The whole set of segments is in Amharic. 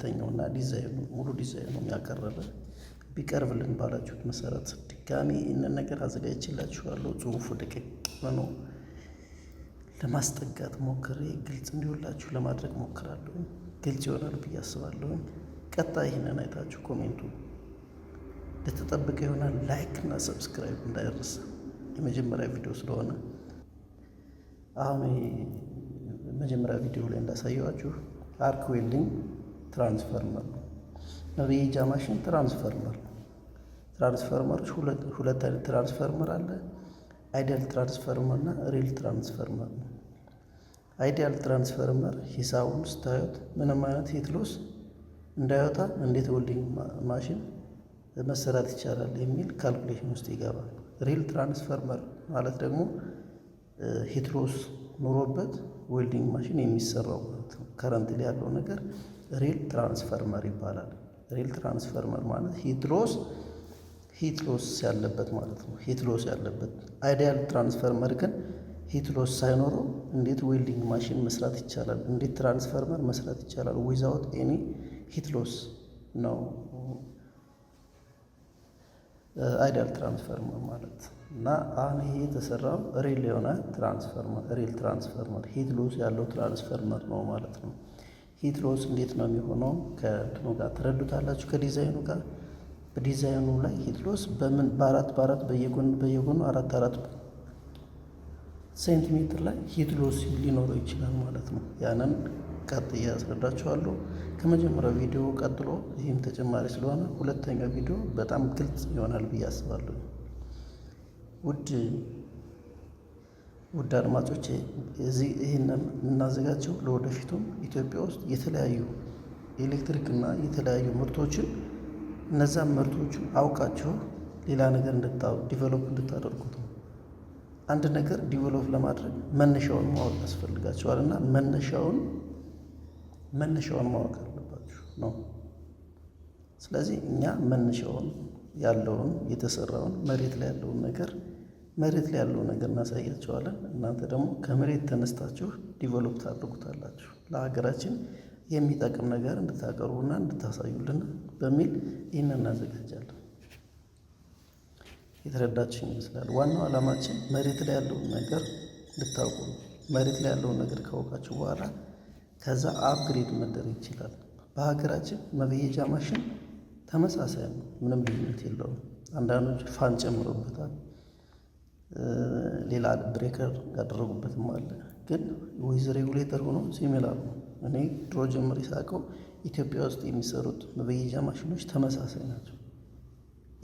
ሁለተኛውና ዲዛይኑ ሙሉ ዲዛይኑን ያቀረበ ቢቀርብልን ባላችሁት መሰረት ድጋሚ ይህንን ነገር አዘጋጅችላችኋለሁ ጽሁፉ ደቀቅ ሆኖ ለማስጠጋት ሞክሬ ግልጽ እንዲሆንላችሁ ለማድረግ ሞክራለሁ። ግልጽ ይሆናል ብዬ አስባለሁ። ቀጣይ ይህንን አይታችሁ ኮሜንቱ እንደተጠበቀ ይሆናል። ላይክ እና ሰብስክራይብ እንዳይረሳ። የመጀመሪያ ቪዲዮ ስለሆነ አሁን መጀመሪያ ቪዲዮ ላይ እንዳሳየዋችሁ አርክ ዌልዲንግ ትራንስፈርመር ነው። ነብይ ማሽን ትራንስፈርመር ነው። ትራንስፈርመሮች ሁለት አይነት ትራንስፈርመር አለ። አይዲያል ትራንስፈርመር እና ሪል ትራንስፈርመር ነው። አይዲያል ትራንስፈርመር ሂሳቡን ስታዩት ምንም አይነት ሂትሎስ እንዳይወጣ እንዴት ወልዲንግ ማሽን መሰራት ይቻላል የሚል ካልኩሌሽን ውስጥ ይገባል። ሪል ትራንስፈርመር ማለት ደግሞ ሂትሎስ ኑሮበት ዌልዲንግ ማሽን የሚሰራው ማለት ነው። ከረንት ላይ ያለው ነገር ሪል ትራንስፈርመር ይባላል። ሪል ትራንስፈርመር ማለት ሂትሎስ ሂትሎስ ያለበት ማለት ነው። ሂትሎስ ያለበት አይዲያል ትራንስፈርመር ግን ሂትሎስ ሳይኖረው እንዴት ዌልዲንግ ማሽን መስራት ይቻላል? እንዴት ትራንስፈርመር መስራት ይቻላል? ዊዛውት ኤኒ ሂትሎስ ነው አይዲያል ትራንስፈርመር ማለት እና አሁን ይሄ የተሰራው ሪል የሆነ ትራንስፈርመር ሪል ትራንስፈርመር ሂትሎስ ያለው ትራንስፈርመር ነው ማለት ነው። ሂት ሎስ እንዴት ነው የሚሆነው? ከእንትኑ ጋር ትረዱታላችሁ፣ ከዲዛይኑ ጋር በዲዛይኑ ላይ ሂትሎስ በምን በአራት በአራት በየጎን በየጎኑ አራት አራት ሴንቲሜትር ላይ ሂት ሎስ ሊኖረው ይችላል ማለት ነው። ያንን ቀጥ ያስረዳችኋለሁ። ከመጀመሪያው ቪዲዮ ቀጥሎ ይህም ተጨማሪ ስለሆነ ሁለተኛው ቪዲዮ በጣም ግልጽ ይሆናል ብዬ አስባለሁ። ውድ ውድ አድማጮቼ ይህን የምናዘጋጀው ለወደፊቱም ኢትዮጵያ ውስጥ የተለያዩ የኤሌክትሪክ እና የተለያዩ ምርቶችን እነዛን ምርቶች አውቃችሁ ሌላ ነገር እንድታ ዲቨሎፕ እንድታደርጉት ነው። አንድ ነገር ዲቨሎፕ ለማድረግ መነሻውን ማወቅ ያስፈልጋቸዋል እና መነሻውን መነሻውን ማወቅ አለባችሁ ነው። ስለዚህ እኛ መነሻውን ያለውን የተሰራውን መሬት ላይ ያለውን ነገር መሬት ላይ ያለው ነገር እናሳያቸዋለን። እናንተ ደግሞ ከመሬት ተነስታችሁ ዲቨሎፕ ታደርጉታላችሁ። ለሀገራችን የሚጠቅም ነገር እንድታቀርቡና እንድታሳዩልን በሚል ይህን እናዘጋጃለን። የተረዳችን ይመስላል። ዋናው ዓላማችን መሬት ላይ ያለውን ነገር እንድታውቁ ነው። መሬት ላይ ያለውን ነገር ካወቃችሁ በኋላ ከዛ አፕግሬድ መደረግ ይችላል። በሀገራችን መበየጃ ማሽን ተመሳሳይ ነው። ምንም ልዩነት የለውም። አንዳንዶች ፋን ጨምሮበታል። ሌላ ብሬከር ያደረጉበትም አለ። ግን ቮይስ ሬጉሌተር ሆኖ ሴም ይላሉ። እኔ ድሮ ጀምሬ ሳውቀው ኢትዮጵያ ውስጥ የሚሰሩት መበየጃ ማሽኖች ተመሳሳይ ናቸው።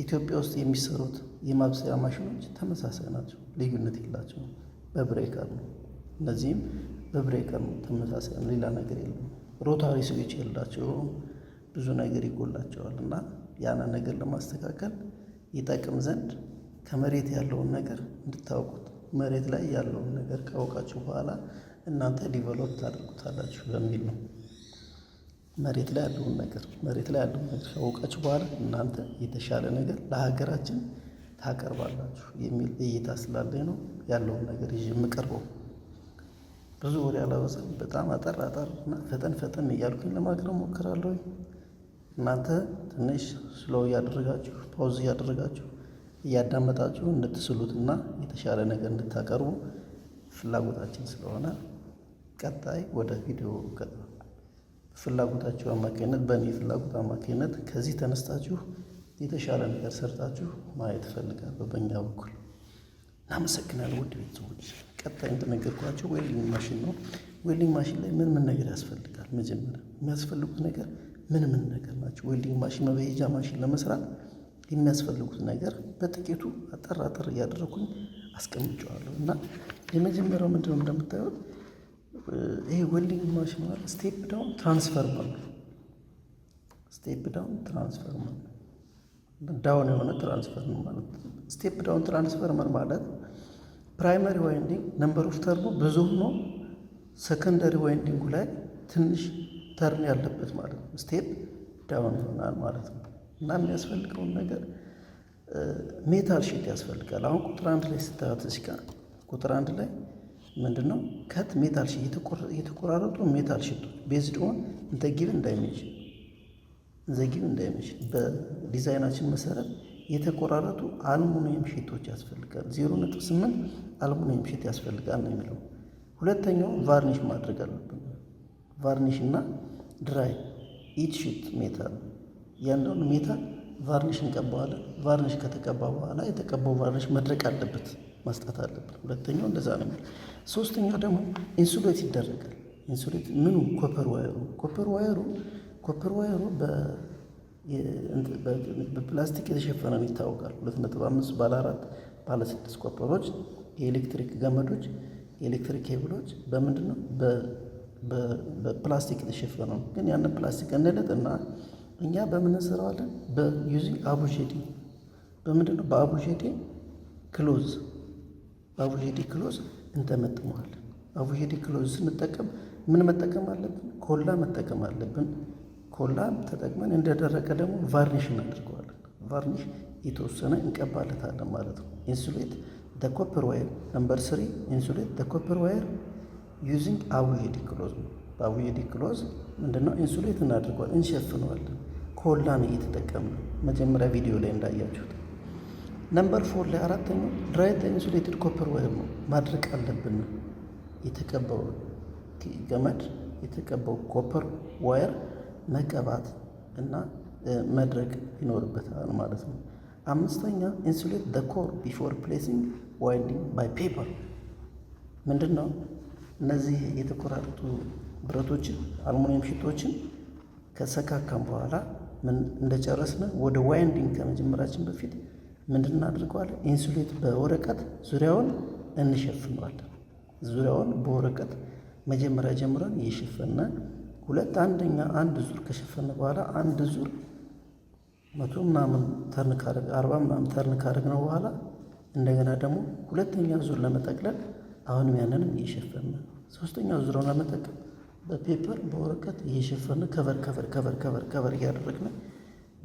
ኢትዮጵያ ውስጥ የሚሰሩት የማብሰያ ማሽኖች ተመሳሳይ ናቸው፣ ልዩነት የላቸውም። በብሬከር ነው። እነዚህም በብሬከር ነው፣ ተመሳሳይ ነው። ሌላ ነገር የለም። ሮታሪ ስዊች የላቸው ብዙ ነገር ይጎላቸዋል እና ያንን ነገር ለማስተካከል ይጠቅም ዘንድ ከመሬት ያለውን ነገር እንድታውቁት መሬት ላይ ያለውን ነገር ካወቃችሁ በኋላ እናንተ ዲቨሎፕ ታደርጉታላችሁ በሚል ነው። መሬት ላይ ያለውን ነገር መሬት ላይ ያለውን ነገር ካወቃችሁ በኋላ እናንተ የተሻለ ነገር ለሀገራችን ታቀርባላችሁ የሚል እይታ ስላለኝ ነው ያለውን ነገር ይዤ የምቀርበው። ብዙ ወሬ አላበዛም። በጣም አጠር አጠር እና ፈጠን ፈጠን እያልኩኝ ለማቅረብ ሞክራለሁ። እናንተ ትንሽ ስለው እያደረጋችሁ ፓውዝ እያደረጋችሁ እያዳመጣችሁ እንድትስሉትና የተሻለ ነገር እንድታቀርቡ ፍላጎታችን ስለሆነ ቀጣይ ወደ ቪዲዮ ፍላጎታችሁ አማካኝነት በእኔ ፍላጎት አማካኝነት ከዚህ ተነስታችሁ የተሻለ ነገር ሰርታችሁ ማየት ፈልጋል። በበኛ በኩል እናመሰግናለን። ውድ ቤተሰቦች ቀጣይ እንደነገርኳቸው ዌልዲንግ ማሽን ነው። ዌልዲንግ ማሽን ላይ ምን ምን ነገር ያስፈልጋል? መጀመሪያ የሚያስፈልጉት ነገር ምን ምን ነገር ናቸው? ዌልዲንግ ማሽን መበየጃ ማሽን ለመስራት የሚያስፈልጉት ነገር በጥቂቱ አጠር አጠር እያደረኩኝ አስቀምጨዋለሁ እና የመጀመሪያው ምንድነው እንደምታዩት ይሄ ወልዲንግ ማሽን ስቴፕ ዳውን ትራንስፈርመር ነው። ስቴፕ ዳውን ትራንስፈርመር ዳውን የሆነ ትራንስፈር ነው ማለት ስቴፕ ዳውን ትራንስፈርመር ማለት ፕራይመሪ ዋይንዲንግ ነምበር ኦፍ ተርቦ ብዙ ሆኖ ሰከንደሪ ዋይንዲንጉ ላይ ትንሽ ተርን ያለበት ማለት ነው። ስቴፕ ዳውን ይሆናል ማለት ነው። እና የሚያስፈልገውን ነገር ሜታል ሺት ያስፈልጋል። አሁን ቁጥር አንድ ላይ ስታዩት እዚህ ጋር ቁጥር አንድ ላይ ምንድን ነው ከት ሜታል ሺት የተቆራረጡ ሜታል ሺት ቤዝድ ኦን እንተ ጊቭን ዳይሜጅ እንዘ ጊቭን ዳይሜጅ በዲዛይናችን መሰረት የተቆራረጡ አልሙኒየም ሽቶች ያስፈልጋል። ዜሮ ነጥብ ስምንት አልሙኒየም ሽት ያስፈልጋል ነው የሚለው። ሁለተኛው ቫርኒሽ ማድረግ አለብን። ቫርኒሽ እና ድራይ ኢት ሽት ሜታል እያንዳንዱ ሜትር ቫርኒሽ እንቀባዋለን። ቫርኒሽ ከተቀባ በኋላ የተቀባው ቫርኒሽ መድረቅ አለበት፣ ማስጣት አለብን። ሁለተኛው እንደዛ ነው ሶስተኛው ደግሞ ኢንሱሌት ይደረጋል። ኢንሱሌት ምኑ? ኮፐር ዋየሩ ኮፐር ዋየሩ ኮፐር ዋየሩ በፕላስቲክ የተሸፈነ ነው ይታወቃል። ሁለት ነጥብ አምስት ባለ አራት ባለ ስድስት ኮፐሮች፣ የኤሌክትሪክ ገመዶች፣ የኤሌክትሪክ ኬብሎች በምንድን ነው በፕላስቲክ የተሸፈነ ነው። ግን ያን ፕላስቲክ እንለጥና እና እኛ በምንሰራዋለን በዩዚ በዩዚንግ አቡጀዴ በምንድን ነው? ክሎዝ በአቡጀዴ ክሎዝ እንተመጥመዋለን። አቡጀዴ ክሎዝ ስንጠቀም ምን መጠቀም አለብን? ኮላ መጠቀም አለብን። ኮላ ተጠቅመን እንደደረቀ ደግሞ ቫርኒሽ እናደርገዋለን። ቫርኒሽ የተወሰነ እንቀባለታለን ማለት ነው። ኢንሱሌት ደ ኮፐር ዋየር ነምበር ስሪ ኢንሱሌት ደ ኮፐር ዋየር ዩዚንግ አቡሄዲ ክሎዝ ነው። በአቡየዲ ክሎዝ ምንድነው ኢንሱሌት እናድርጓል፣ እንሸፍነዋለን። ኮላን እየተጠቀምን መጀመሪያ ቪዲዮ ላይ እንዳያችሁት። ነምበር ፎር ላይ አራተኛው ድራይት ኢንሱሌትድ ኮፐር ወይም ማድረቅ አለብን። የተቀባው ገመድ የተቀባው ኮፐር ዋየር መቀባት እና መድረግ ይኖርበታል ማለት ነው። አምስተኛ ኢንሱሌት ደ ኮር ቢፎር ፕሌሲንግ ዋይንዲንግ ባይ ፔፐር ምንድን ነው? እነዚህ የተቆራረጡ ብረቶችን አልሙኒየም ሽቶችን ከሰካካም በኋላ ምን እንደጨረስን ወደ ዋይንዲንግ ከመጀመራችን በፊት ምንድን እናድርገዋለን? ኢንሱሌት በወረቀት ዙሪያውን እንሸፍነዋለን። ዙሪያውን በወረቀት መጀመሪያ ጀምረን እየሸፈነ ሁለት አንደኛ አንድ ዙር ከሸፈነ በኋላ አንድ ዙር መቶ ምናምን ተርን ካረግ አርባ ምናምን ተርን ካረግ ነው በኋላ እንደገና ደግሞ ሁለተኛ ዙር ለመጠቅለል አሁንም ያንንም እየሸፈነ ሶስተኛው ዙረውን ለመጠቀም በፔፐር በወረቀት እየሸፈነ ከቨር ከቨር ከቨር ከቨር ከቨር እያደረግነ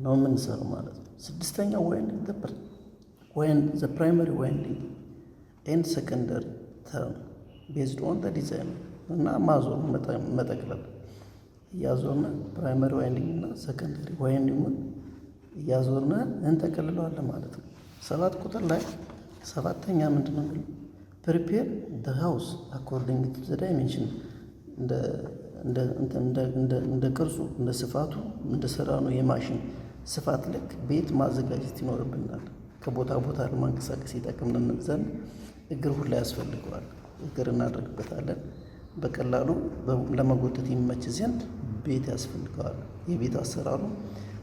ነው የምንሰሩ ማለት ነው። ስድስተኛው ዋይንዲንግ ዘ ፕራይመሪ ዋይንዲንግ ኤንድ ሰከንደሪ ተርም ቤዝድ ኦን ተ ዲዛይን እና ማዞር መጠቅለል እያዞርነ ፕራይመሪ ዋይንዲንግ እና ሰከንደሪ ዋይንዲንጉን እያዞርነ እንጠቀልለዋለን ማለት ነው። ሰባት ቁጥር ላይ ሰባተኛ ምንድን ነው? ፕሪፔር ደ ሃውስ አኮርዲንግ ቱ ዘ ዳይሜንሽን እንደ ቅርጹ እንደ ስፋቱ እንደ ነው። የማሽን ስፋት ልክ ቤት ማዘጋጀት ይኖርብናል። ከቦታ ቦታ ለማንቀሳቀስ ይጠቅምን ዘንድ እግር ሁላ ያስፈልገዋል። እግር እናደርግበታለን። በቀላሉ ለመጎተት ይመች ዘንድ ቤት ያስፈልገዋል። የቤት አሰራሩ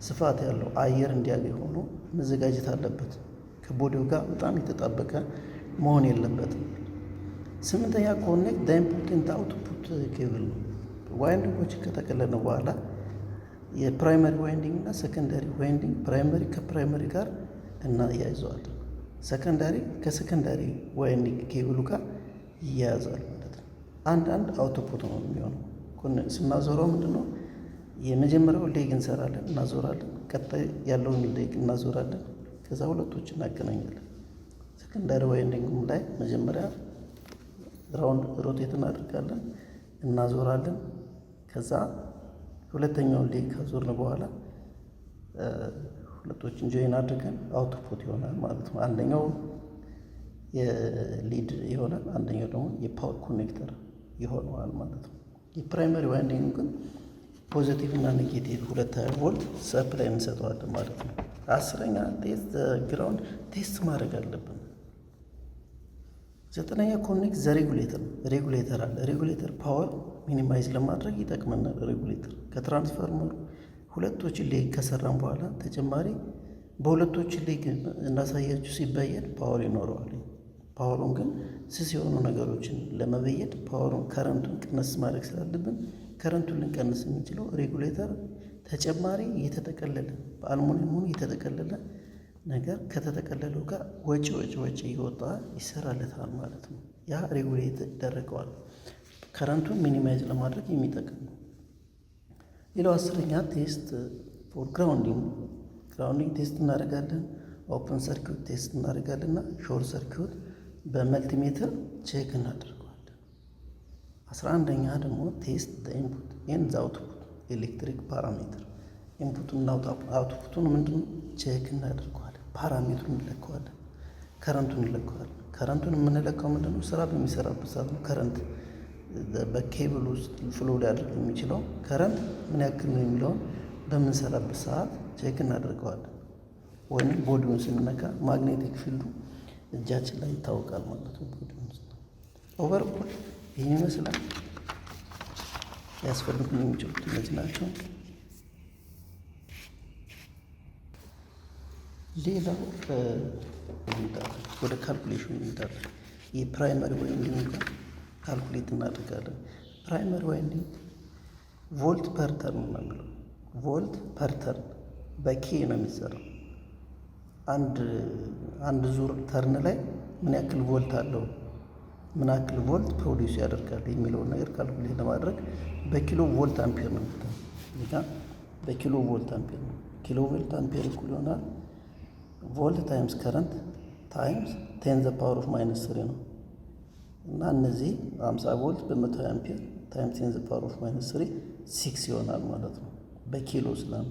ስፋት ያለው አየር እንዲያገኝ ሆኖ መዘጋጀት አለበት። ከቦዴው ጋር በጣም የተጣበቀ መሆን የለበትም። ስምንተኛ ኮኔክት ዘ ኢንፑት አውትፑት ኬብል ነው። ዋይንዲንጎች ከተቀለነ በኋላ የፕራይመሪ ዋይንዲንግ እና ሰከንዳሪ ዋይንዲንግ ፕራይመሪ ከፕራይመሪ ጋር እናያይዘዋል። ሰከንዳሪ ከሰከንዳሪ ዋይንዲንግ ኬብሉ ጋር ይያያዛል ማለት ነው። አንድ አንድ አውትፑት ነው የሚሆነው። ስናዞረው ምንድን ነው የመጀመሪያው ሌግ እንሰራለን እናዞራለን። ቀጣይ ያለውን ሌግ እናዞራለን። ከዛ ሁለቶች እናገናኛለን። ሰከንዳሪ ዋይንዲንግም ላይ መጀመሪያ ራውንድ ሮቴት እናደርጋለን እናዞራለን። ከዛ ሁለተኛውን ሌግ ከዞርን በኋላ ሁለቶችን ጆይን አድርገን አውትፑት ይሆናል ማለት ነው። አንደኛው የሊድ ይሆናል፣ አንደኛው ደግሞ የፓወር ኮኔክተር ይሆነዋል ማለት ነው። የፕራይመሪ ዋይንዲንግ ግን ፖዚቲቭ እና ኔጌቲቭ ሁለት ቮልት ሰፕላይ እንሰጠዋለን ማለት ነው። አስረኛ ቴስት ግራውንድ ቴስት ማድረግ አለብን። ዘጠነኛ ኮኔክት ዘ ሬጉሌተር ሬጉሌተር አለ። ሬጉሌተር ፓወር ሚኒማይዝ ለማድረግ ይጠቅመናል። ሬጉሌተር ከትራንስፈርመሩ ሁለቶች ላይ ከሰራን በኋላ ተጨማሪ በሁለቶች ላይ እናሳያችሁ ሲበየድ ፓወር ይኖረዋል። ፓወሩን ግን ስስ የሆኑ ነገሮችን ለመበየድ ፓወሩን ከረንቱን ቅነስ ማድረግ ስላለብን ከረንቱን ልንቀንስ የምንችለው ሬጉሌተር ተጨማሪ እየተጠቀለለ በአልሙኒየም ሆኖ ነገር ከተጠቀለለው ጋር ወጪ ወጪ ወጪ እየወጣ ይሰራለታል ማለት ነው። ያ ሬጉሌት ይደረገዋል። ከረንቱን ሚኒማይዝ ለማድረግ የሚጠቅም ነው። ሌላው አስረኛ ቴስት ፎር ግራውንዲንግ ግራውንዲንግ ቴስት እናደርጋለን። ኦፕን ሰርኪዩት ቴስት እናደርጋለን እና ሾርት ሰርኪዩት በመልቲሜትር ቼክ እናደርገዋለን። አስራ አንደኛ ደግሞ ቴስት ኢንፑት ኤንድ አውትፑት ኤሌክትሪክ ፓራሜትር ኢንፑቱን እና አውትፑቱን ምንድነው ቼክ እናደርገዋለን። ፓራሜትሩ እንለካዋለን። ከረንቱን እንለካዋለን። ከረንቱን የምንለካው ምንድነው? ስራ በሚሰራበት ሰዓት ነው። ከረንት በኬብል ውስጥ ፍሎ ሊያደርግ የሚችለው ከረንት ምን ያክል ነው የሚለውን በምንሰራበት ሰዓት ቼክ እናደርገዋለን። ወይም ቦዲውን ስንነካ ማግኔቲክ ፊልዱ እጃችን ላይ ይታወቃል ማለት ነው። ቦዲውን ኦቨርቦል ይህን ይመስላል። ያስፈልጉን የሚችሉት እነዚህ ናቸው። ሌላው ወደ ካልኩሌሽን እንሄዳለን። የፕራይመሪ ዋይንዲንግ ካልኩሌት እናደርጋለን። ፕራይመሪ ዋይንዲንግ ቮልት ፐርተርን ነው ቮልት ፐርተርን በኬ ነው የሚሰራው። አንድ አንድ ዙር ተርን ላይ ምን ያክል ቮልት አለው፣ ምን ያክል ቮልት ፕሮዲውስ ያደርጋል የሚለውን ነገር ካልኩሌት ለማድረግ በኪሎ ቮልት አምፔር ነው የሚለው። በኪሎ ቮልት አምፔር ነው። ኪሎ ቮልት አምፔር እኩል ይሆናል ቮልት ታይምስ ከረንት ታይምስ ቴን ዘ ፓወር ኦፍ ማይነስ ስሪ ነው እና እነዚህ 50 ቮልት በ120 አምፒር ታይምስ ቴን ዘ ፓወር ኦፍ ማይነስ ስሪ ሲክስ ይሆናል ማለት ነው። በኪሎ ስለሆነ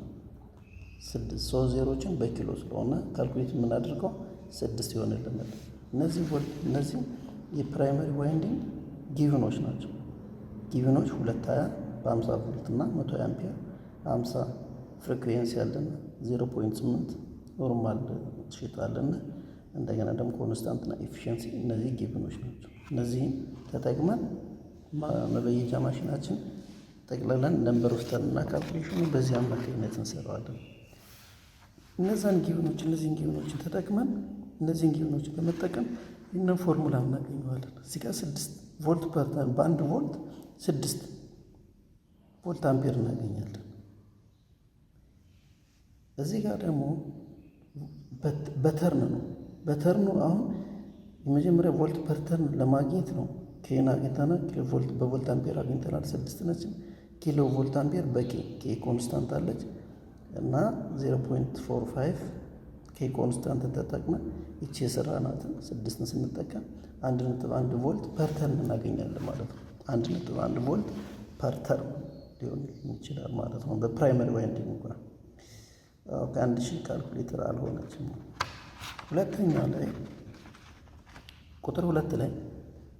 ስድስት ሶስት ዜሮችን በኪሎ ስለሆነ ካልኩሌት የምናደርገው ስድስት ይሆንልናል። እነዚህ ቮልት እነዚህ የፕራይመሪ ዋይንዲንግ ጊቭኖች ናቸው። ጊቭኖች ሁለት ሀያ በ ቮልት እና 120 አምፒር 50 ፍሪኩዌንሲ ያለን ስምንት ኖርማል ሽት አለና እንደገና ደግሞ ኮንስታንትና ኤፊሽንሲ እነዚህ ጊቭኖች ናቸው። እነዚህን ተጠቅመን መበየጃ ማሽናችን ጠቅለለን ነንበር ኦፍ ተርን እና ካልኩሌሽኑ በዚህ አማካኝነት እንሰራዋለን። እነዛን ጊቭኖች እነዚህን ጊቭኖችን ተጠቅመን እነዚህን ጊቭኖችን በመጠቀም ይህንን ፎርሙላ እናገኘዋለን። እዚህ ጋር ስድስት ቮልት ፐር በአንድ ቮልት ስድስት ቮልት አምፔር እናገኛለን። እዚህ ጋር ደግሞ በተርን ነው። በተርኑ አሁን የመጀመሪያ ቮልት ፐርተርን ለማግኘት ነው። ኬን አግኝተናል። በቮልት አምፔር አግኝተናል። ስድስት ነች። ኪሎ ቮልት አምፔር በኬ ኬ ኮንስታንት አለች እና 0.45 ኬ ኮንስታንትን ተጠቅመ ይቺ የስራ ናትን ስድስትን ስንጠቀም አንድ ነጥብ አንድ ቮልት ፐርተርን እናገኛለን ማለት ነው። አንድ ነጥብ አንድ ቮልት ፐርተር ሊሆን ይችላል ማለት ነው። በፕራይመሪ ዋይንዲንግ እንኳን አንድ ሺህ ካልኩሌተር አልሆነችም። ሁለተኛ ላይ ቁጥር ሁለት ላይ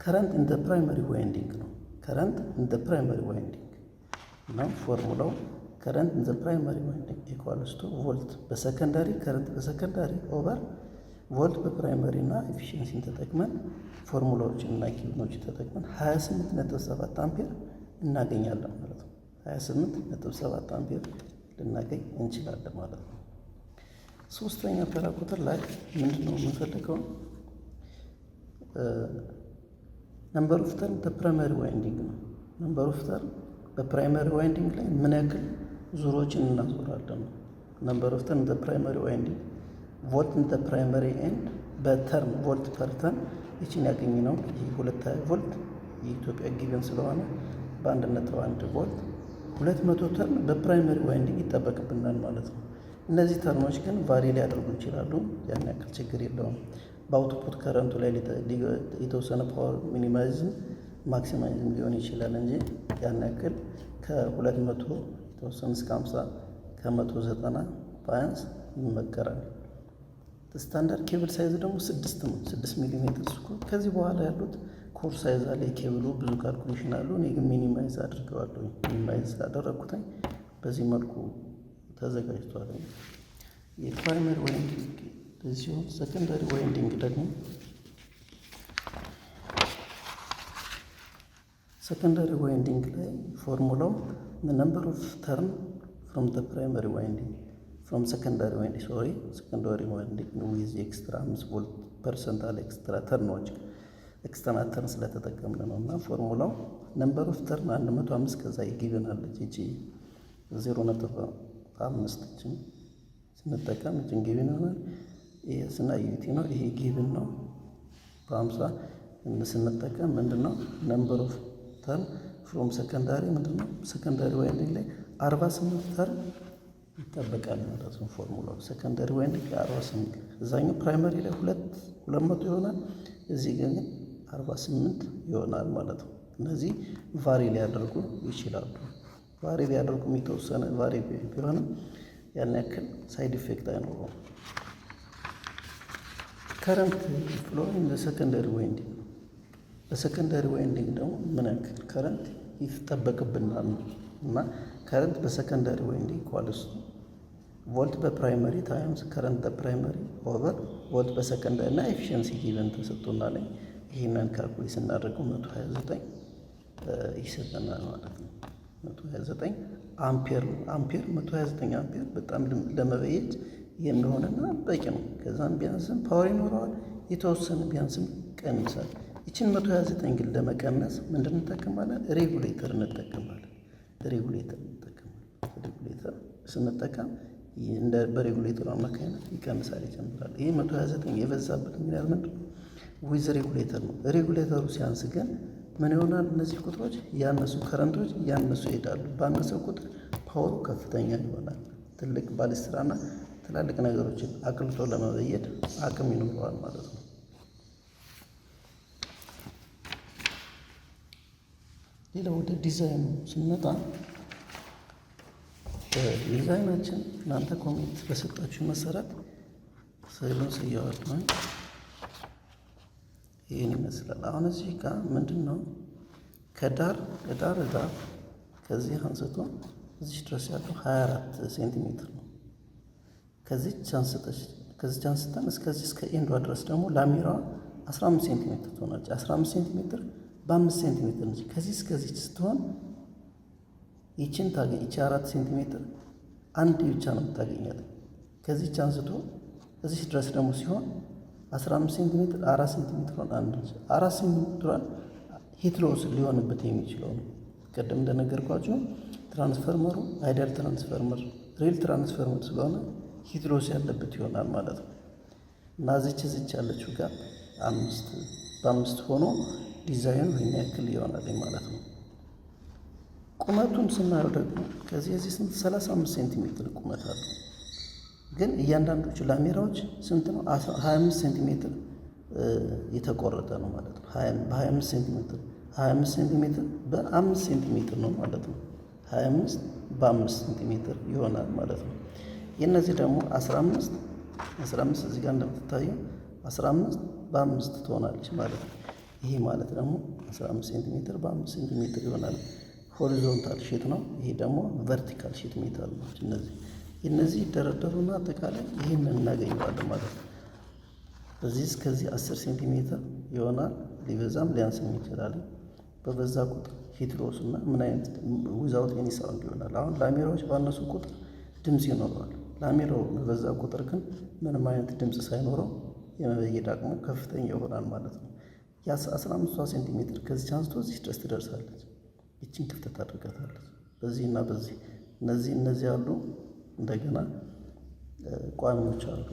ከረንት እንደ ፕራይመሪ ዋይንዲንግ ነው። ከረንት እንደ ፕራይመሪ ዋይንዲንግ እና ፎርሙላው ከረንት እንደ ፕራይመሪ ዋይንዲንግ ኢኳልስ ቱ ቮልት በሰከንዳሪ ከረንት በሰከንዳሪ ኦቨር ቮልት በፕራይመሪ እና ኤፊሽንሲን ተጠቅመን ፎርሙላዎችን እና ኪሎችን ተጠቅመን 28.7 አምፔር እናገኛለን ማለት ነው። 28.7 አምፔር ልናገኝ እንችላለን ማለት ነው። ሶስተኛ ተራ ቁጥር ላይ ምንድን ነው የምንፈልገው? ነምበር ኦፍ ተርን በፕራይመሪ ዋይንዲንግ ነው። ነምበር ኦፍ ተርን በፕራይመሪ ዋይንዲንግ ላይ ምን ያክል ዙሮችን እናዞራለን ነው። ነምበር ኦፍ ተርን በፕራይመሪ ዋይንዲንግ ቮልት እንደ ፕራይመሪ ኤንድ በተርን ቮልት ፐር ተርን ይችን ያገኝ ነው። ይህ ሁለት ቮልት የኢትዮጵያ ጊቨን ስለሆነ በአንድ ነጥብ አንድ ቮልት ሁለት መቶ ተርም በፕራይመሪ ዋይንዲንግ ይጠበቅብናል ማለት ነው። እነዚህ ተርሞች ግን ቫሪ ሊያደርጉ ይችላሉ። ያን ያክል ችግር የለውም። በአውትፑት ከረንቱ ላይ የተወሰነ ፓወር ሚኒማይዝም ማክሲማይዝም ሊሆን ይችላል እንጂ ያን ያክል ከ መቶ የተወሰነ እስከ ሃምሳ ከመቶ ባያንስ ይመከራል። ስታንዳርድ ኬብል ሳይዝ ደግሞ ስድስት ነው። ስድስት ሚሊ ሜትር ስኩ ከዚህ በኋላ ያሉት ኮር ሳይዝ አለ ኬብሉ ብዙ ካልኩሌሽን አለው። እኔ ግን ሚኒማይዝ አድርገዋለሁ። ሚኒማይዝ አደረግኩትኝ በዚህ መልኩ ተዘጋጅቷል። የፕራይመሪ ዋይንዲንግ ሲሆን ሰከንዳሪ ዋይንዲንግ ደግሞ ሰከንዳሪ ዋይንዲንግ ላይ ፎርሙላው ነምበር ኦፍ ተርን ፍሮም ፕራይመሪ ዋይንዲንግ ፍሮም ሰከንዳሪ ዋይንዲንግ ሶሪ ሰከንዳሪ ዋይንዲንግ ዊዝ ኤክስትራ አምስት ቮልት ፐርሰንት ኤክስትራ ተርኖች ኤክስተናተርን ስለተጠቀምን ነው። እና ፎርሙላው ነምበር ኦፍ ተርን 105 ከዛ ይጊብናለች እቺ 0.5 እችን ስንጠቀም እችን ጊብን ይሆናል። ስና ዩቲ ነው። ይሄ ጊብን ነው። በአምሳ ስንጠቀም ነው ነምበር ኦፍ ተርን ፍሮም ሰከንዳሪ ምንድነው ሰከንዳሪ ዋይንዲንግ ላይ 48 ተርን ይጠበቃል ማለት ነው። ፎርሙላው ሰከንዳሪ ዋይንዲንግ ላይ 48 እዛኛው ፕራይመሪ ላይ ሁለት ሁለት መቶ ይሆናል። እዚህ ግን 48 ይሆናል ማለት ነው። እነዚህ ቫሪ ሊያደርጉ ይችላሉ። ቫሪ ሊያደርጉም የተወሰነ ቫሪ ቢሆንም ያን ያክል ሳይድ ኢፌክት አይኖረውም። ከረንት ፍሎ ለሰከንደሪ ዋይንዲንግ ነው። በሰከንደሪ ዋይንዲንግ ደግሞ ምን ያክል ከረንት ይጠበቅብናል ነው እና ከረንት በሰከንደሪ ዋይንዲንግ ኳልስ ቮልት በፕራይመሪ ታይምስ ከረንት በፕራይመሪ ኦቨር ቮልት በሰከንደሪ እና ኤፊሽንሲ ጊቨን ተሰጥቶናል። ይህንን ካልኩሌት ስናደርገው 129 ይሰጠናል ማለት ነው። 129 አምፔር ነው። አምፔር 129 አምፔር በጣም ለመበየጅ የሚሆንና በቂ ነው። ከዛም ቢያንስም ፓወር ይኖረዋል የተወሰነ ቢያንስም ቀንሳል። ይችን 129 ግን ለመቀነስ ምንድን እንጠቀማለን? ሬጉሌተር እንጠቀማለን። ሬጉሌተር እንጠቀማለን። ሬጉሌተር ስንጠቀም በሬጉሌተሩ አማካኝነት ይቀንሳል፣ ይጨምራል። ይህ 129 የበዛበት ምክንያት ምንድን ነው? ዊዝ ሬጉሌተር ነው። ሬጉሌተሩ ሲያንስ ግን ምን ይሆናል? እነዚህ ቁጥሮች ያነሱ ከረንቶች ያነሱ ይሄዳሉ። ባነሰው ቁጥር ፓወሩ ከፍተኛ ይሆናል። ትልቅ ባሊስትራና ትላልቅ ነገሮችን አቅልጦ ለመበየድ አቅም ይኖረዋል ማለት ነው። ሌላ ወደ ዲዛይኑ ስንመጣ ዲዛይናችን እናንተ ኮሜንት በሰጣችሁ መሰረት ስዕሉን ስያወርነን ይህን ይመስላል። አሁን እዚህ ጋር ምንድን ነው ከዳር ከዳር ዳር ከዚህ አንስቶ እዚህ ድረስ ያለው 24 ሴንቲሜትር ነው። ከዚች አንስተን እስከዚህ እስከ ኤንዷ ድረስ ደግሞ ላሚራዋ 15 ሴንቲሜትር ትሆናለች። 15 ሴንቲሜትር በ5 ሴንቲሜትር ነች። ከዚህ እስከዚች ስትሆን ይችን ታገኝ ይቺ 4 ሴንቲሜትር አንድ ብቻ ነው የምታገኛት። ከዚች አንስቶ እዚህ ድረስ ደግሞ ሲሆን 15 ሴንቲሜትር አራት ሴንቲሜትሯን አንድ ሴንቲሜትሯን ሊሆንበት የሚችለው ነው። ቅድም እንደነገርኳችሁ ትራንስፈርመሩ ትራንስፈርመር ትራንስፈርመር ስለሆነ ሂትሎስ ያለበት ይሆናል ማለት ነው እና ዝች ዝች ያለችው ጋር አምስት በአምስት ሆኖ ዲዛይኑ ይህን ያክል ይሆናል ማለት ነው። ቁመቱን ስናየው ደግሞ ከዚህ የዚህ ስንት 35 ሴንቲሜትር ቁመት አለው። ግን እያንዳንዶቹ ላሜራዎች ስንት ነው? 25 ሴንቲሜትር የተቆረጠ ነው ማለት ነው። በሀያ አምስት ሴንቲሜትር 25 ሴንቲሜትር በ5 ሴንቲሜትር ነው ማለት ነው። 25 በ5 ሴንቲሜትር ይሆናል ማለት ነው። የእነዚህ ደግሞ 15 15 እዚህ ጋር እንደምትታዩ 15 በ5 ትሆናለች ማለት ነው። ይሄ ማለት ደግሞ 15 ሴንቲሜትር በ5 ሴንቲሜትር ይሆናል። ሆሪዞንታል ሺት ነው። ይሄ ደግሞ ቨርቲካል ሺት ሜታል ነው። እነዚህ እነዚህ ይደረደሩና አጠቃላይ ይህን እናገኘዋለን ማለት ነው። በዚህ እስከዚህ 10 ሴንቲሜትር ይሆናል። ሊበዛም ሊያንስም ይችላል። በበዛ ቁጥር ሂት እና ምን አይነት ዊዛውት ኤኒ ሳውንድ ይሆናል። አሁን ላሜራዎች ባነሱ ቁጥር ድምፅ ይኖረዋል። ላሜራው በበዛ ቁጥር ግን ምንም አይነት ድምፅ ሳይኖረው የመበየድ አቅሙ ከፍተኛ ይሆናል ማለት ነው። የአስራ የ15 ሴንቲሜትር ከዚህ አንስቶ እዚህ ድረስ ትደርሳለች። ይችን ክፍተት አድርጋታለች። በዚህና በዚህ እነዚህ እነዚህ ያሉ እንደገና ቋሚዎች አሉ።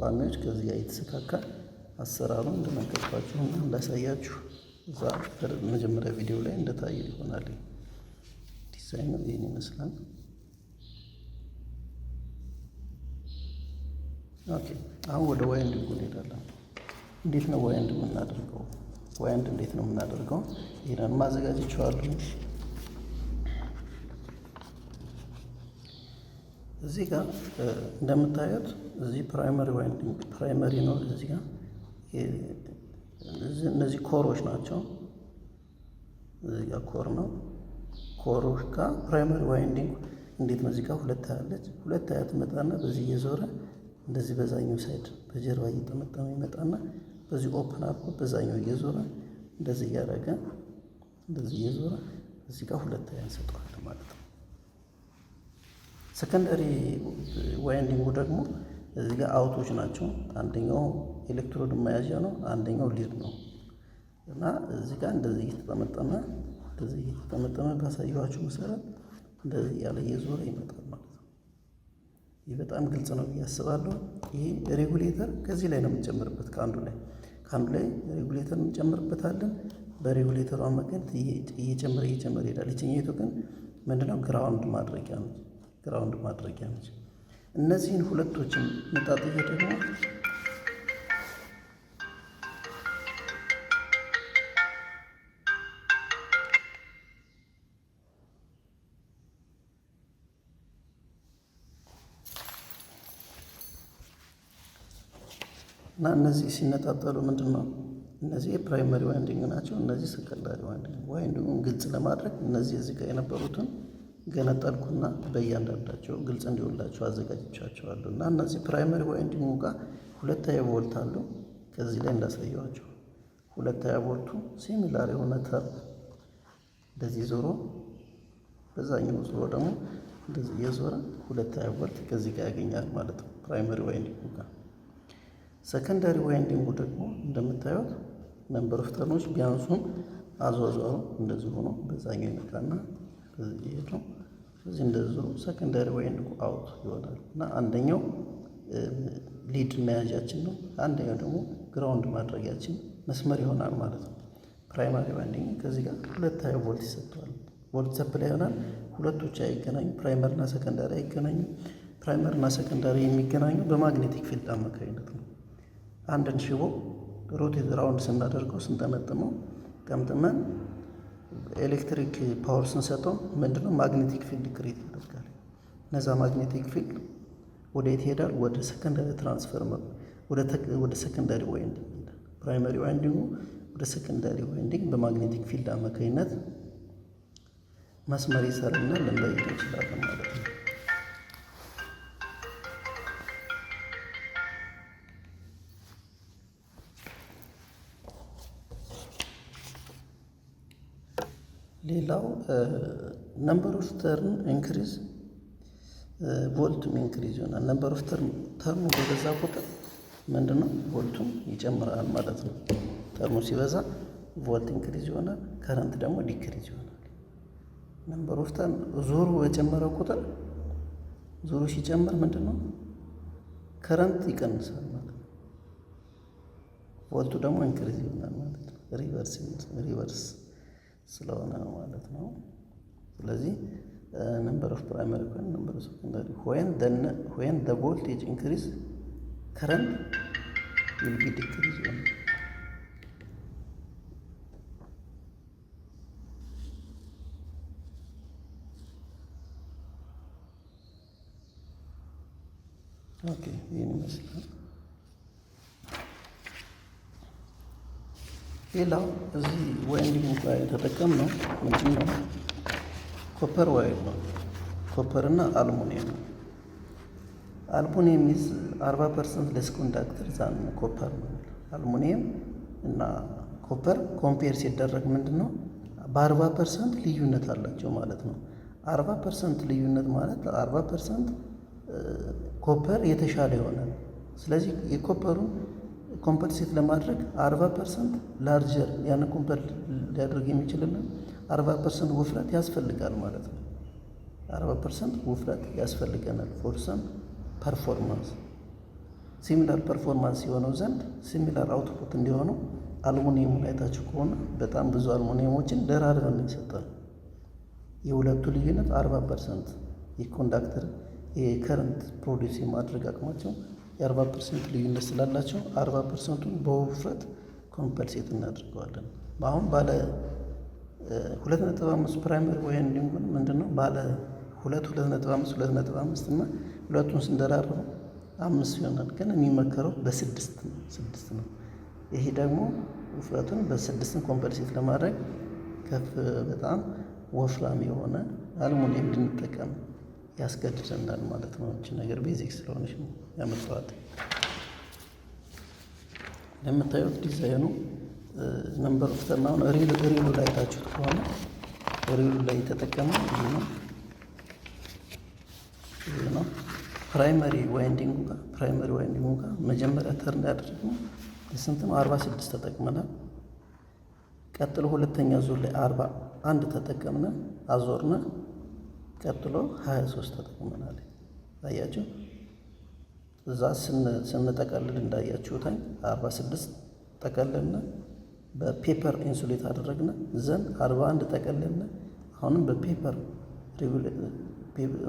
ቋሚዎች ከዚህ ጋር የተሰካካ አሰራሩ እንደነገርኳችሁና እንዳሳያችሁ እዛ መጀመሪያ ቪዲዮ ላይ እንደታየ ይሆናል። ዲዛይኑ ይህን ይመስላል። ኦኬ አሁን ወደ ዋይንድ እንሄዳለን። እንዴት ነው ዋይንድ የምናደርገው? ዋይንድ እንዴት ነው የምናደርገው? ይሄንን ማዘጋጀችኋለሁ። እዚህ ጋር እንደምታዩት እዚህ ፕራይመሪ ዋይንዲንግ ፕራይመሪ ነው። እዚህ ጋር እነዚህ ኮሮች ናቸው። እዚህ ጋር ኮር ነው። ኮሮች ጋር ፕራይመሪ ዋይንዲንግ እንዴት ነው? እዚህ ጋር ሁለት ያለች ሁለት አያት መጣና በዚህ እየዞረ እንደዚህ በዛኛው ሳይድ በጀርባ እየጠመጠመ ይመጣና በዚህ ኦፕን አድርጎ በዛኛው እየዞረ እንደዚህ እያደረገ እንደዚህ እየዞረ እዚህ ጋር ሁለት አያ እንሰጠዋል ማለት ነው። ሰከንደሪ ዋይንዲንጉ ደግሞ እዚህ ጋር አውቶች ናቸው። አንደኛው ኤሌክትሮድ መያዣ ነው፣ አንደኛው ሊድ ነው እና እዚህ ጋር እንደዚህ እየተጠመጠመ እንደዚህ እየተጠመጠመ ባሳየኋችሁ መሰረት እንደዚህ ያለ የዞረ ይመጣል ማለት ነው። ይህ በጣም ግልጽ ነው ብዬ አስባለሁ። ይሄ ሬጉሌተር ከዚህ ላይ ነው የምንጨምርበት፣ ከአንዱ ላይ ከአንዱ ላይ ሬጉሌተር እንጨምርበታለን። በሬጉሌተሩ አማካኝነት እየጨመረ እየጨመረ ይሄዳል። ይችኛቱ ግን ምንድነው ግራውንድ ማድረጊያ ነው። ግራውንድ ማድረጊያ ነች። እነዚህን ሁለቶችን ነጣጥዬ ደግሞ እና እነዚህ ሲነጣጠሉ ምንድን ነው እነዚህ የፕራይመሪ ዋይንዲንግ ናቸው። እነዚህ ሰከንዳሪ ዋይንዲንግ ዋይንዲንግን ግልጽ ለማድረግ እነዚህ እዚህ ጋር የነበሩትን ገነጠልኩና በእያንዳንዳቸው ግልጽ እንዲሆንላቸው አዘጋጅቻቸዋለሁ እና እነዚህ ፕራይመሪ ዋይንዲንግ ጋር ሁለት ሀያ ቮልት አለው። ከዚህ ላይ እንዳሳየዋቸው ሁለት ሀያ ቮልቱ ሲሚላር የሆነ ተርብ እንደዚህ ዞሮ በዛኛው ዞሮ ደግሞ እንደዚህ የዞረ ሁለት ሀያ ቮልት ከዚህ ጋር ያገኛል ማለት ነው ፕራይመሪ ዋይንዲንጉ ጋር። ሰከንዳሪ ዋይንዲንጉ ደግሞ እንደምታዩት መንበር ተርኖች ቢያንሱም አዟዟሩ እንደዚህ ሆኖ በዛኛው ይመጣና እዚህ ይሄድ ነው። ስለዚህ እንደዚሁ ሰከንዳሪ ወይ አውት ይሆናል እና አንደኛው ሊድ መያዣችን ነው። አንደኛው ደግሞ ግራውንድ ማድረጊያችን መስመር ይሆናል ማለት ነው። ፕራይማሪ ዋይንዲንግ ከዚህ ጋር ሁለት ሀያ ቮልት ይሰጠዋል። ቮልት ሰፕላይ ይሆናል። ሁለቶች አይገናኙ፣ ፕራይመርና ሰከንዳሪ አይገናኙ። ፕራይመርና ሰከንዳሪ የሚገናኙ በማግኔቲክ ፊልድ አማካኝነት ነው። አንድን ሽቦ ሮቴት ራውንድ ስናደርገው ስንጠመጥመው ጠምጥመን ኤሌክትሪክ ፓወር ስንሰጠው ምንድነው ማግኔቲክ ፊልድ ክሬት ያደርጋል። እነዛ ማግኔቲክ ፊልድ ወደ የት ይሄዳል? ወደ ሰከንዳሪ ትራንስፈርመር ወደ ሰከንዳሪ ዋይንዲንግ ፕራይመሪ ዋይንዲንጉ ወደ ሰከንዳሪ ዋይንዲንግ በማግኔቲክ ፊልድ አማካኝነት መስመር ይሰራና ልንለየው እንችላለን ማለት ነው። ሌላው ነምበር ኦፍ ተርን ኢንክሪዝ ቮልቱም ኢንክሪዝ ይሆናል። ነምበር ኦፍ ተርም ተርሙ በበዛ ቁጥር ምንድነው ቮልቱም ይጨምራል ማለት ነው። ተርሙ ሲበዛ ቮልት ኢንክሪዝ ይሆናል፣ ከረንት ደግሞ ዲክሪዝ ይሆናል። ነምበር ኦፍ ተርም ዙሩ በጨመረ ቁጥር ዙሩ ሲጨምር ምንድነው ከረንት ይቀንሳል ማለት ነው። ቮልቱ ደግሞ ኢንክሪዝ ይሆናል ማለት ነው። ሪቨርስ ሪቨርስ ስለሆነ ማለት ነው። ስለዚህ ነምበር ኦፍ ፕራይመሪ ኮይን ነምበር ኦፍ ሴኮንዳሪ ዌን ዘ ቮልቴጅ ኢንክሪዝ ከረንት ዊል ቢ ዲክሪዝ ኦኬ ይህን ይመስላል። ሌላው እዚህ ዋይንዲንግ ጋር የተጠቀም ነው የተጠቀምነው ነው ኮፐር ዋይር ነው። ኮፐር እና አልሙኒየም ነው። አልሙኒየም ይዝ አርባ ፐርሰንት ለስ ኮንዳክተር ዛን ኮፐር ነው። አልሙኒየም እና ኮፐር ኮምፔር ሲደረግ ምንድን ነው በአርባ ፐርሰንት ልዩነት አላቸው ማለት ነው። አርባ ፐርሰንት ልዩነት ማለት አርባ ፐርሰንት ኮፐር የተሻለ ይሆናል። ስለዚህ የኮፐሩን ኮምፐንሴት ለማድረግ አርባ ፐርሰንት ላርጀር ያን ኮምፐል ሊያደርግ የሚችልና አርባ ፐርሰንት ውፍረት ያስፈልጋል ማለት ነው። አርባ ፐርሰንት ውፍረት ያስፈልገናል ፎር ሰም ፐርፎርማንስ ሲሚላር ፐርፎርማንስ የሆነው ዘንድ ሲሚላር አውትፑት እንዲሆነው አልሙኒየሙን አይታችሁ ከሆነ በጣም ብዙ አልሙኒየሞችን ደራርበን የሚሰጠን የሁለቱ ልዩነት አርባ ፐርሰንት የኮንዳክተር የከረንት ፕሮዲስ የማድረግ አቅማቸው የአርባ ፐርሰንት ልዩነት ስላላቸው አርባ ፐርሰንቱን በውፍረት ኮምፐልሴት እናድርገዋለን። አሁን ባለ ሁለት ነጥብ አምስት ፕራይመሪ ወይ እንዲሆን ምንድን ነው ባለ ሁለት ሁለት ነጥብ አምስት ሁለት ነጥብ አምስት እና ሁለቱን ስንደራርበው አምስት ይሆናል። ግን የሚመከረው በስድስት ነው ስድስት ነው። ይሄ ደግሞ ውፍረቱን በስድስትን ኮምፐልሴት ለማድረግ ከፍ በጣም ወፍራም የሆነ አልሙኒየም እንድንጠቀም ያስገድደናል ማለት ነው። እችን ነገር ቤዚክ ስለሆነች ነው ያመጣኋት። እንደምታዩት ዲዛይኑ ነምበር ኦፍ ተን አሁን ሪሉ ላይ ታችሁት ከሆነ ሪሉ ላይ የተጠቀመ ይህ ነው። ይህ ነው ፕራይመሪ ዋይንዲንጉ ጋር ፕራይመሪ ዋይንዲንጉ ጋር መጀመሪያ ተርን ያደረግነው ስንት ነው? አርባ ስድስት ተጠቅመናል። ቀጥሎ ሁለተኛ ዙር ላይ አርባ አንድ ተጠቀምነ አዞርነ ቀጥሎ 23 ተጠቅመናል። አያችሁ እዛ ስንጠቀልል እንዳያችሁታኝ 46 ጠቀልልን በፔፐር ኢንሱሌት አደረግን ዘን 41 ጠቀልልን አሁንም በፔፐር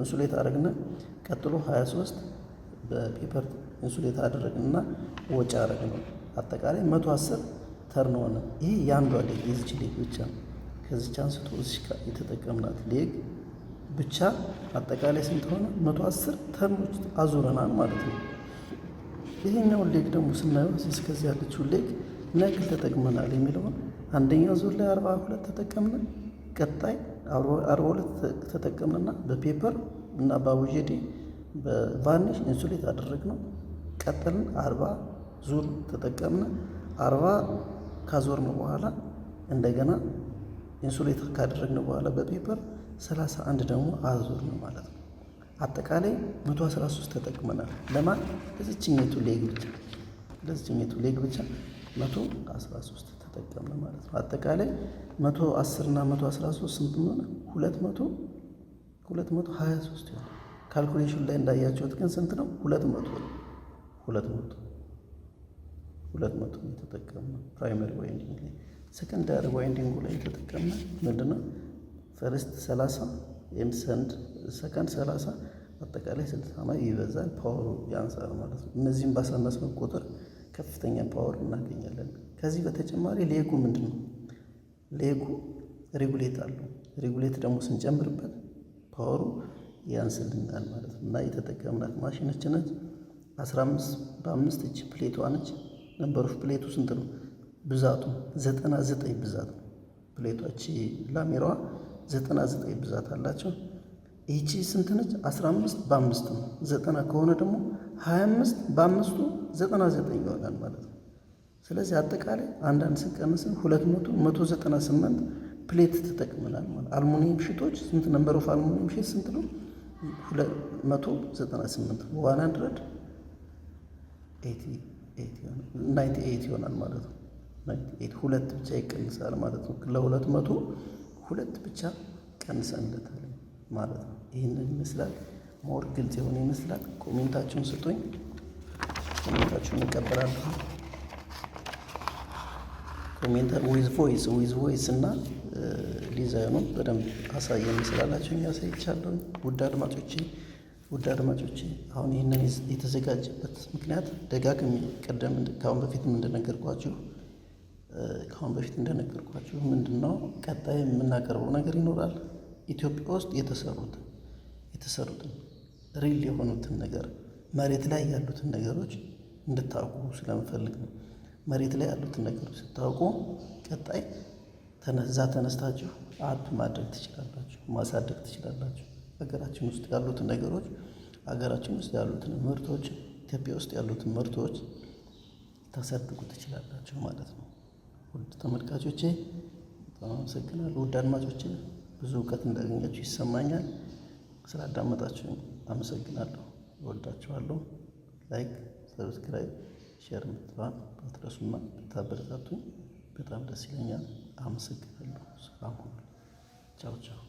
ኢንሱሌት አደረግን። ቀጥሎ 23 በፔፐር ኢንሱሌት አደረግንና ወጪ አደረግነው። አጠቃላይ 110 ተርን ሆነ። ይሄ የአንዷ ሌግ የዚች ሌግ ብቻ ነው። ከዚች አንስቶ እዚህ የተጠቀምናት ሌግ ብቻ አጠቃላይ ስንት ሆነ? መቶ አስር ተርኖች አዙረናል ማለት ነው። ይሄኛውን ሌግ ደግሞ ስናየ እስከዚህ ያለችው ሌግ ምን ያክል ተጠቅመናል የሚለውን አንደኛው ዙር ላይ አርባ ሁለት ተጠቀምን። ቀጣይ አርባ ሁለት ተጠቀምንና በፔፐር እና በአቡጀዴ በቫኒሽ ኢንሱሌት አደረግነው። ቀጠልን አርባ ዙር ተጠቀምን። አርባ ካዞርን በኋላ እንደገና ኢንሱሌት ካደረግነው በኋላ በፔፐር 31 ደግሞ አዙር ነው ማለት ነው። አጠቃላይ 113 ተጠቅመናል። ለማን ለዚችኛቱ ሌግ ብቻ ለዚችኛቱ ሌግ ብቻ 113 ተጠቀምን ማለት ነው። አጠቃላይ 110 እና 113 ስንት ሆነ? 200 223 ይሆናል። ካልኩሌሽን ላይ እንዳያችሁት ግን ስንት ነው? 200 200 200 የተጠቀምነው ፕራይመሪ ዋይንዲንግ ላይ። ሰከንዳሪ ዋይንዲንጉ ላይ የተጠቀምነው ምንድነው? ፈርስት 30 ኤም ሰንድ ሰከንድ 30 አጠቃላይ 60 ነው ይበዛል፣ ፓወሩ ያንሳል ማለት ነው። እነዚህም ባሳነስነው ቁጥር ከፍተኛ ፓወር እናገኛለን። ከዚህ በተጨማሪ ሌጉ ምንድን ነው? ሌጉ ሬጉሌት አለው። ሬጉሌት ደግሞ ስንጨምርበት ፓወሩ ያንስልናል ማለት ነው። እና የተጠቀምናት ማሽኖች ነች 15 በአምስት እጅ ፕሌቷ ነች። ነምበሮች ፕሌቱ ስንት ነው? ብዛቱ 99 ብዛት ነው ፕሌቷ ላሜራዋ ዘጠና ዘጠኝ ብዛት አላቸው። ይቺ ስንት ነች? 15 በአምስት ነው። ዘጠና ከሆነ ደግሞ 25 አምስት በአምስቱ 99 ይሆናል ማለት ነው። ስለዚህ አጠቃላይ አንዳንድ ስንቀንስን ሁለት መቶ ፕሌት ተጠቅመናል ማለት አልሙኒየም ሽቶች ስንት ነበር? ኦፍ አልሙኒየም ሽት ስንት ነው? ሁለት መቶ ይሆናል ማለት ነው። ሁለት ብቻ ይቀንሳል ማለት ነው ለሁለት መቶ ሁለት ብቻ ቀንሰንለታል ማለት ነው። ይህንን ይመስላል። ሞር ግልጽ የሆነ ይመስላል። ኮሜንታችሁን ስጡኝ፣ ኮሜንታችሁን እንቀበላለሁ። ኮሜንታ ዊዝ ቮይስ ዊዝ ቮይስ እና ዲዛይኑን በደንብ አሳየን ስላላችሁኝ ያሳይቻለሁ። ውድ አድማጮቼ ውድ አድማጮቼ አሁን ይህንን የተዘጋጀበት ምክንያት ደጋግሜ ቀደም ከአሁን በፊት እንደነገርኳችሁ ከአሁን በፊት እንደነገርኳችሁ ምንድን ነው ቀጣይ የምናቀርበው ነገር ይኖራል። ኢትዮጵያ ውስጥ የተሰሩትን የተሰሩትን ሪል የሆኑትን ነገር መሬት ላይ ያሉትን ነገሮች እንድታውቁ ስለምፈልግ ነው። መሬት ላይ ያሉትን ነገሮች ስታውቁ ቀጣይ ተነዛ ተነስታችሁ አፕ ማድረግ ትችላላችሁ፣ ማሳደግ ትችላላችሁ። ሀገራችን ውስጥ ያሉትን ነገሮች ሀገራችን ውስጥ ያሉትን ምርቶች ኢትዮጵያ ውስጥ ያሉትን ምርቶች ታሳድጉ ትችላላችሁ ማለት ነው። ውድ ተመልካቾቼ በጣም አመሰግናለሁ። ውድ አድማጮቼ ብዙ እውቀት እንዳገኛችሁ ይሰማኛል። ስላዳመጣችሁ አመሰግናለሁ። እወዳችኋለሁ። ላይክ፣ ሰብስክራይብ፣ ሼር ምትባል አትረሱና ብታበረታቱኝ በጣም ደስ ይለኛል። አመሰግናለሁ። ሰላም ሁኑ። ቻው ቻው